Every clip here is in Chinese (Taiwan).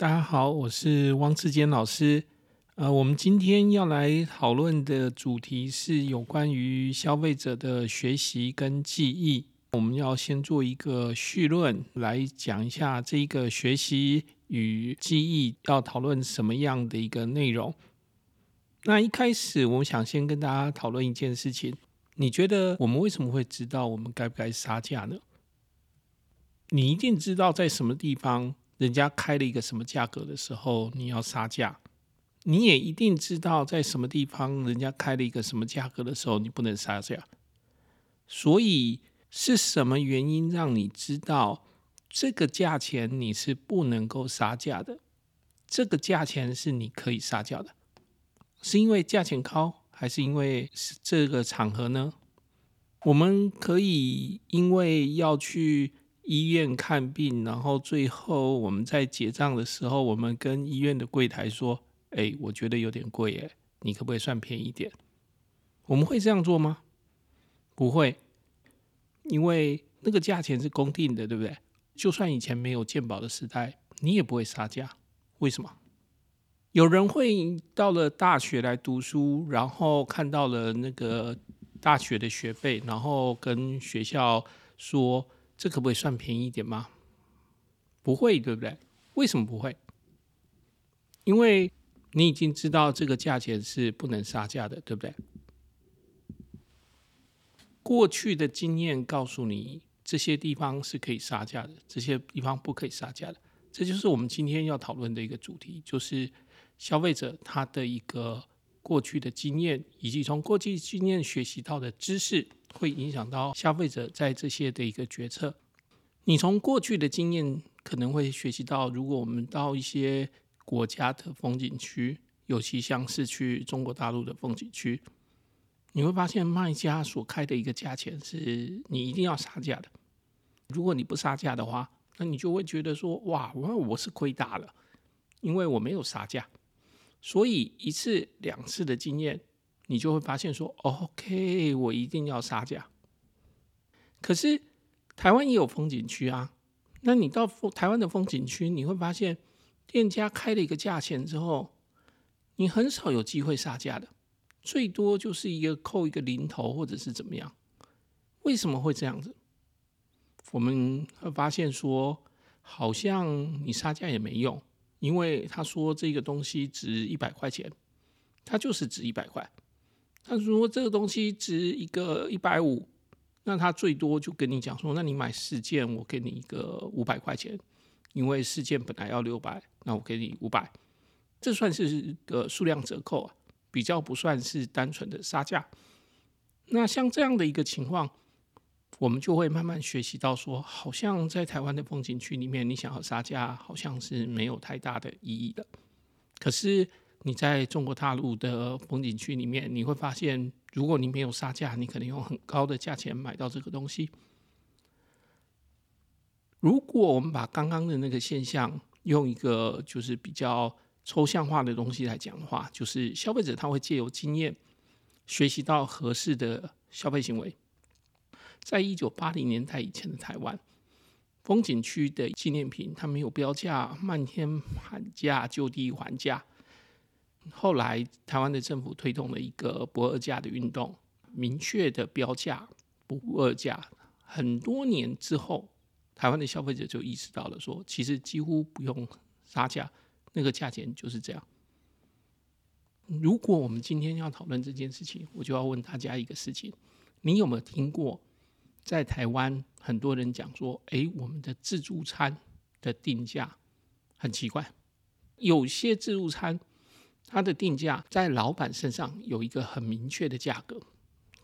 大家好，我是汪志堅老師。呃，我們今天要來討論的主題是有關於消費者的學習跟記憶。我們要先做一個緒論，來講一下這個學習與記憶要討論什麼樣的一個內容。那一開始，我想先跟大家討論一件事情：你覺得我們為什麼會知道我們該不該殺價呢？你一定知道在什麼地方。人家開了一個什麼價格的時候，你要殺價，你也一定知道在什麼地方，人家開了一個什麼價格的時候，你不能殺價。所以是什麼原因讓你知道這個價錢你是不能夠殺價的？這個價錢是你可以殺價的，是因為價錢高，還是因為是這個場合呢？我們可以因為要去，醫院看病，然後最後我們在結賬的時候，我們跟醫院的櫃檯說：“哎，我覺得有點貴，哎，你可不可以算便宜一點？”我們會這樣做嗎？不會，因為那個價錢是公定的，對不對？就算以前沒有健保的時代，你也不會殺價。為什麼？有人會到了大學來讀書，然後看到了那個大學的學費，然後跟學校說。這可不可以算便宜一點嗎？不會，對不對？為什麼不會？因為你已經知道這個價錢是不能殺價的，對不對？過去的經驗告訴你，這些地方是可以殺價的，這些地方不可以殺價的。這就是我們今天要討論的一個主題，就是消費者他的一個。過去的經驗以及從過去經驗學習到的知識，會影響到消費者在這些的一個決策。你從過去的經驗可能會學習到，如果我們到一些國家的風景區，尤其像是去中國大陸的風景區，你會發現賣家所開的一個價錢是你一定要殺價的。如果你不殺價的話，那你就會覺得說，哇，我我是虧大了，因為我沒有殺價。所以一次兩次的經驗，你就會發現說，OK，我一定要殺價。可是台灣也有風景區啊，那你到台灣的風景區，你會發現店家開了一個價錢之後，你很少有機會殺價的，最多就是一個扣一個零頭或者是怎麼樣。為什麼會這樣子？我們會發現說，好像你殺價也沒用。因為他說這個東西值一百塊錢，它就是值一百塊。那如果這個東西值一個一百五，那他最多就跟你講說，那你買四件，我給你一個五百塊錢，因為四件本來要六百，那我給你五百，這算是一個數量折扣啊，比較不算是單純的殺價。那像這樣的一個情況。我們就會慢慢學習到說，好像在台灣的風景區裡面，你想要殺價，好像是沒有太大的意義的。可是你在中國大陸的風景區裡面，你會發現，如果你沒有殺價，你可能用很高的價錢買到這個東西。如果我們把剛剛的那個現象用一個就是比較抽象化的東西來講的話，就是消費者他會借由經驗學習到合適的消費行為。在一九八零年代以前的台灣，風景區的紀念品，它沒有標價，漫天喊價，就地還價。後來台灣的政府推動了一個不二價的運動，明確的標價，不二價。很多年之後，台灣的消費者就意識到了說，說其實幾乎不用殺價，那個價錢就是這樣。如果我們今天要討論這件事情，我就要問大家一個事情：你有沒有聽過？在台灣，很多人講說：“哎、欸，我們的自助餐的定價很奇怪。有些自助餐，它的定價在老板身上有一個很明確的價格，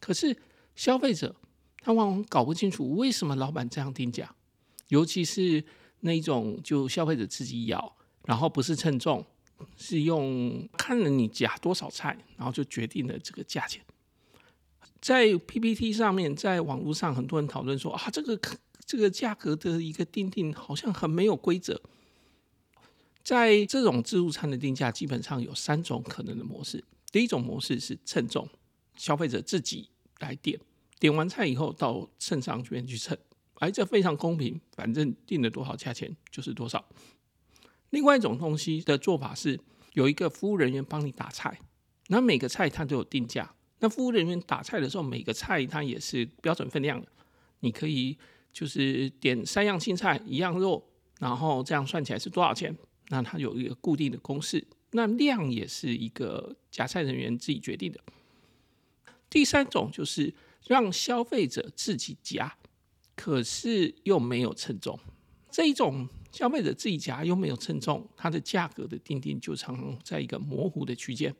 可是消費者他往往搞不清楚為什麼老板這樣定價。尤其是那種就消費者自己舀，然後不是稱重，是用看了你夾多少菜，然後就決定了這個價錢。”在 PPT 上面，在網絡上，很多人討論說啊，這個這個價格的一個訂定好像很沒有規則。在這種自助餐的定價，基本上有三種可能的模式。第一種模式是稱重，消費者自己來點，點完菜以後到秤上這邊去稱，哎、啊，這非常公平，反正定了多少價錢就是多少。另外一種東西的做法是，有一個服務人員幫你打菜，那每個菜他都有定價。那服務人員打菜的時候，每個菜它也是標準分量的，你可以就是點三樣青菜，一樣肉，然後這樣算起來是多少錢，那它有一個固定的公式。那量也是一個夾菜人員自己決定的。第三種就是讓消費者自己夾，可是又沒有稱重，這一種消費者自己夾又沒有稱重，它的價格的定定就常在一個模糊的區間。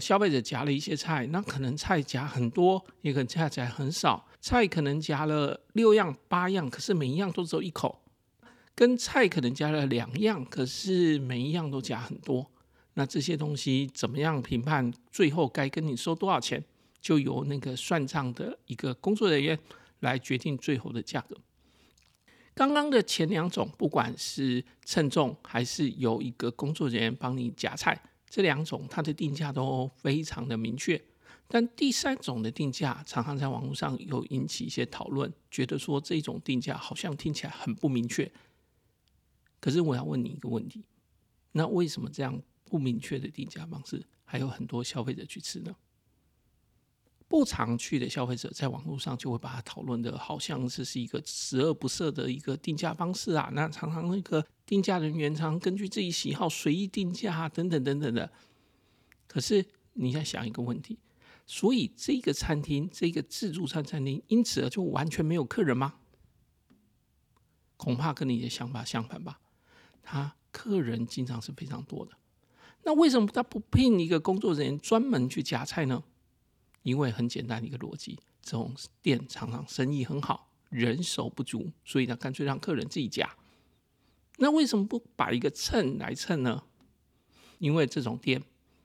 消費者夾了一些菜，那可能菜夾很多，也可能菜夾起來很少。菜可能夾了六樣、八樣，可是每一樣都只有一口；跟菜可能夾了兩樣，可是每一樣都夾很多。那這些東西怎麼樣評判？最後該跟你收多少錢，就由那個算賬的一個工作人員來決定最後的價格。剛剛的前兩種，不管是稱重還是由一個工作人員幫你夾菜，這兩種它的定價都非常的明確，但第三種的定價常常在網絡上有引起一些討論，覺得說這種定價好像聽起來很不明確。可是我要問你一個問題，那為什麼這樣不明確的定價方式還有很多消費者去吃呢？不常去的消費者在網絡上就會把它討論的，好像是是一個十惡不赦的一個定價方式啊！那常常那個定價人員常常根據自己喜好隨意定價啊，等等等等的。可是你再想一個問題，所以這個餐廳這個自助餐餐廳因此而就完全沒有客人嗎？恐怕跟你的想法相反吧。他客人經常是非常多的。那為什麼他不聘一個工作人員專門去夾菜呢？因為很簡單的一個邏輯，這種店常常生意很好，人手不足，所以他乾脆讓客人自己加。那為什麼不擺一個秤來稱呢？因為這種店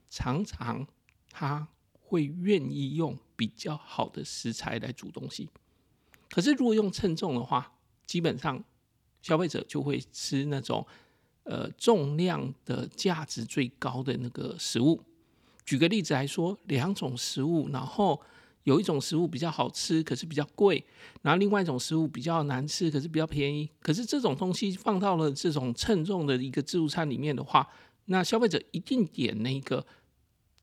常常他會願意用比較好的食材來煮東西。可是如果用稱重的話，基本上消費者就會吃那種呃重量的價值最高的那個食物。舉個例子來說，兩種食物，然後有一種食物比較好吃，可是比較貴；然後另外一種食物比較難吃，可是比較便宜。可是這種東西放到了這種稱重的一個自助餐裡面的話，那消費者一定點那個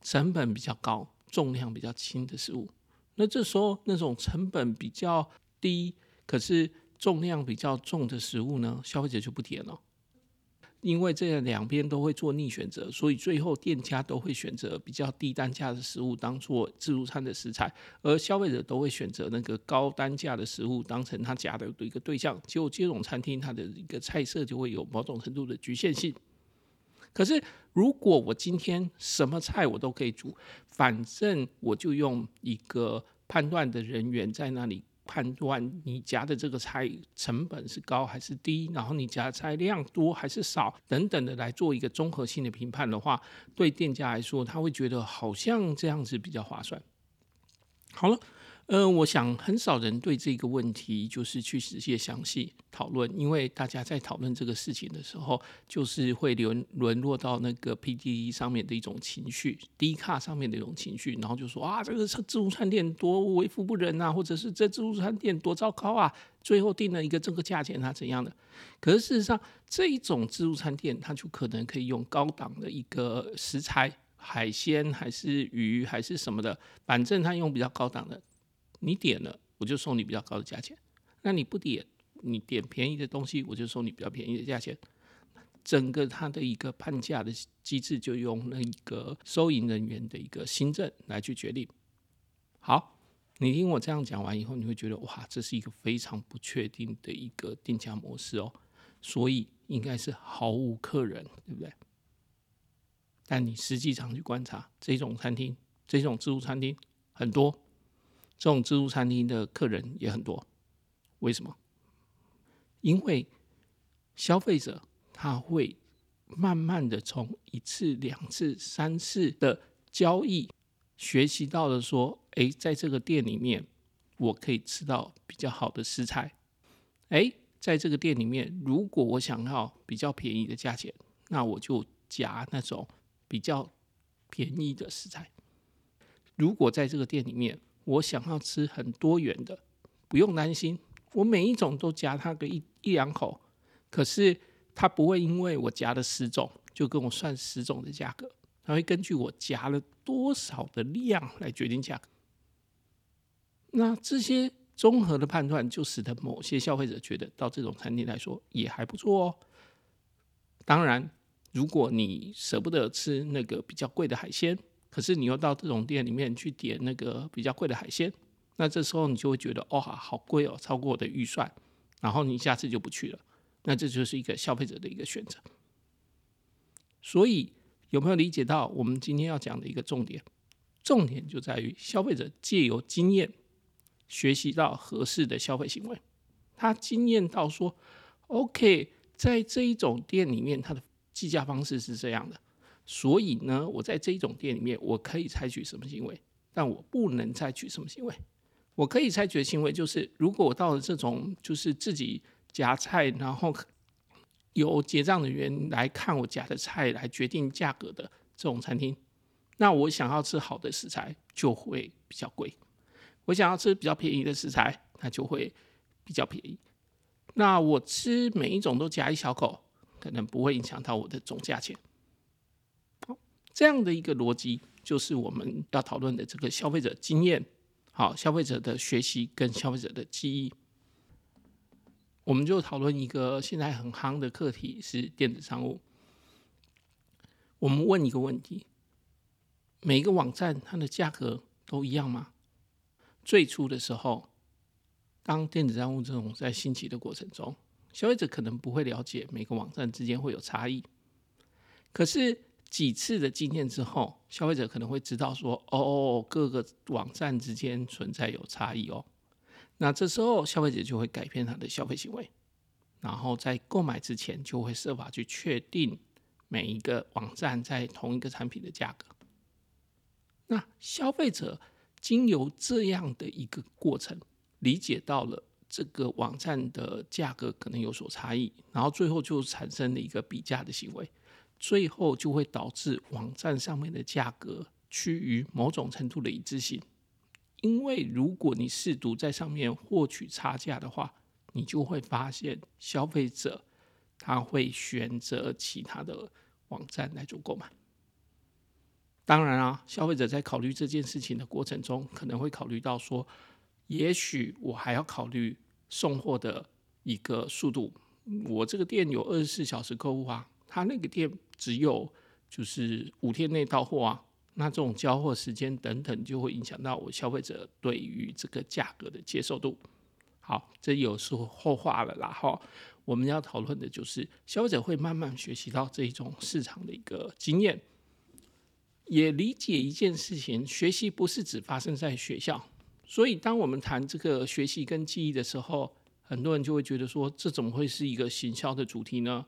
成本比較高、重量比較輕的食物。那這時候那種成本比較低，可是重量比較重的食物呢，消費者就不點了。因為這兩邊都會做逆選擇，所以最後店家都會選擇比較低單價的食物當做自助餐的食材，而消費者都會選擇那個高單價的食物當成他夾的一個對象。就這種餐廳它的一個菜色就會有某種程度的局限性。可是如果我今天什麼菜我都可以煮，反正我就用一個判斷的人員在那裡。判斷你夾的這個菜成本是高還是低，然後你夾的菜量多還是少等等的來做一個綜合性的評判的話，對店家來說他會覺得好像這樣子比較划算。好了。嗯、呃，我想很少人對這個問題就是去仔細詳細討論，因為大家在討論這個事情的時候，就是會淪淪落到那個 PDE 上面的一種情緒，低卡上面的一種情緒，然後就說啊，這個自助餐店多為富不仁啊，或者是這自助餐店多糟糕啊，最後定了一個這個價錢它怎樣的？可是事實上，這一種自助餐店，它就可能可以用高檔的一個食材，海鮮還是魚還是什麼的，反正它用比較高檔的。你點了，我就送你比較高的價錢；那你不點，你點便宜的東西，我就送你比較便宜的價錢。整個它的一個判價的機制，就用那個收銀人員的一個心證來去決定。好，你聽我這樣講完以後，你會覺得哇，這是一個非常不確定的一個定價模式哦。所以應該是毫無客人，對不對？但你實際上去觀察，這種餐廳，這種自助餐廳很多。這種自助餐廳的客人也很多，為什麼？因為消費者他會慢慢的從一次、兩次、三次的交易，學習到了說：“誒，在這個店裡面，我可以吃到比較好的食材。”誒，在這個店裡面，如果我想要比較便宜的價錢，那我就夾那種比較便宜的食材。如果在這個店裡面，我想要吃很多元的，不用擔心，我每一種都夾它個一一兩口，可是它不會因為我夾了十種就跟我算十種的價格，它會根據我夾了多少的量來決定價格。那這些綜合的判斷就使得某些消費者覺得到這種餐廳來說也還不錯哦。當然，如果你捨不得吃那個比較貴的海鮮，可是你又到這種店裡面去點那個比較貴的海鮮，那這時候你就會覺得哦，好貴哦，超過我的預算，然後你下次就不去了。那這就是一個消費者的一個選擇。所以有沒有理解到我們今天要講的一個重點？重點就在於消費者借由經驗學習到合適的消費行為，他經驗到說，OK，在這一種店裡面，他的計價方式是這樣的。所以呢，我在這一種店裡面，我可以採取什麼行為？但我不能採取什麼行為。我可以採取的行為就是，如果我到了這種就是自己夾菜，然後由結賬人員來看我夾的菜來決定價格的這種餐廳，那我想要吃好的食材就會比較貴。我想要吃比較便宜的食材，那就會比較便宜。那我吃每一種都夾一小口，可能不會影響到我的總價錢。這樣的一個邏輯，就是我們要討論的這個消費者經驗，好，消費者的學習跟消費者的記憶，我們就討論一個現在很夯的課題是電子商務。我們問一個問題：每個網站它的價格都一樣嗎？最初的時候，當電子商務這種在興起的過程中，消費者可能不會了解每個網站之間會有差異，可是。幾次的經驗之後，消費者可能會知道說：“哦，各個網站之間存在有差異哦。”那這時候消費者就會改變他的消費行為，然後在購買之前就會設法去確定每一個網站在同一個產品的價格。那消費者經由這樣的一個過程，理解到了這個網站的價格可能有所差異，然後最後就產生了一個比價的行為。最後就會導致網站上面的價格趨於某種程度的一致性，因為如果你試圖在上面獲取差價的話，你就會發現消費者他會選擇其他的網站來做購買。當然啊，消費者在考慮這件事情的過程中，可能會考慮到說，也許我還要考慮送貨的一個速度，我這個店有二十四小時客服啊。他那個店只有就是五天內到貨啊，那這種交貨時間等等就會影響到我消費者對於這個價格的接受度。好，這有時候後話了啦，然後我們要討論的就是消費者會慢慢學習到這一種市場的一個經驗，也理解一件事情：學習不是只發生在學校。所以，當我們談這個學習跟記憶的時候，很多人就會覺得說：這怎麼會是一個行銷的主題呢？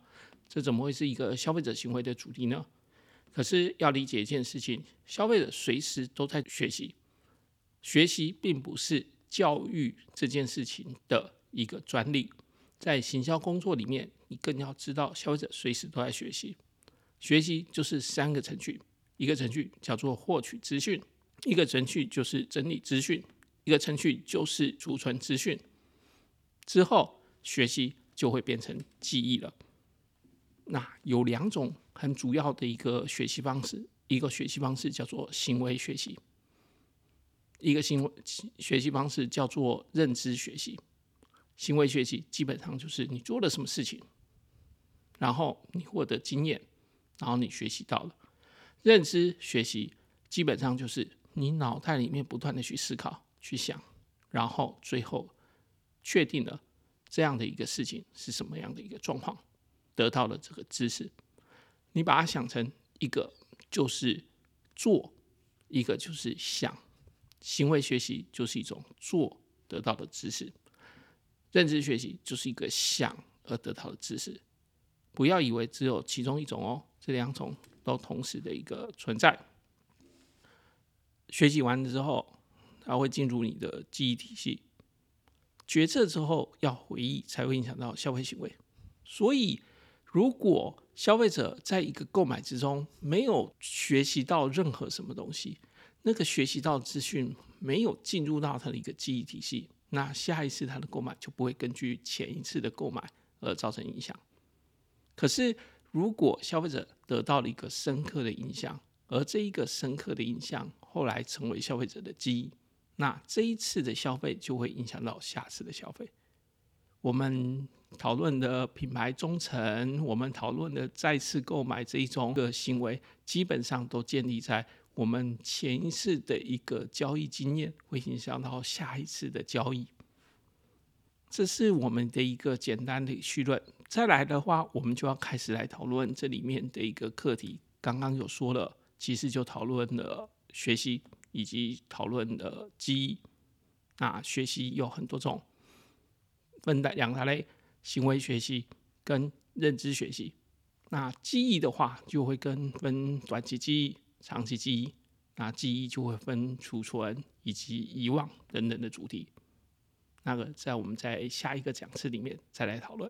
這怎麼會是一個消費者行為的主題呢？可是要理解一件事情，消費者隨時都在學習。學習並不是教育這件事情的一個專利，在行銷工作裡面，你更要知道消費者隨時都在學習。學習就是三個程序：一個程序叫做獲取資訊，一個程序就是整理資訊，一個程序就是儲存資訊。之後，學習就會變成記憶了。那有兩種很主要的一個學習方式，一個學習方式叫做行為學習，一個行為學習方式叫做認知學習。行為學習基本上就是你做了什麼事情，然後你獲得經驗，然後你學習到了。認知學習基本上就是你腦袋裡面不斷的去思考、去想，然後最後確定了這樣的一個事情是什麼樣的一個狀況。得到的這個知識，你把它想成一個就是做，一個就是想。行為學習就是一種做得到的知識，認知學習就是一個想而得到的知識。不要以為只有其中一種哦，這兩種都同時的一個存在。學習完了之後，它會進入你的記憶體系。決策之後要回憶，才會影響到消費行為。所以。如果消費者在一個購買之中沒有學習到任何什麼東西，那個學習到資訊沒有進入到他的一個記憶體系，那下一次他的購買就不會根據前一次的購買而造成影響。可是，如果消費者得到了一個深刻的印象，而這一個深刻的印象後來成為消費者的記憶，那這一次的消費就會影響到下次的消費。我們討論的品牌忠誠，我們討論的再次購買這一種的行為，基本上都建立在我們前一次的一個交易經驗會影響到下一次的交易。這是我們的一個簡單的緒論。再來的話，我們就要開始來討論這裡面的一個課題。剛剛有說了，其實就討論了學習以及討論了記憶。那，學習有很多種。分兩大類，行為學習跟認知學習。那記憶的話，就會跟分短期記憶、長期記憶，那記憶就會分儲存以及遺忘等等的主題，那個在我們在下一個講次裡面再來討論。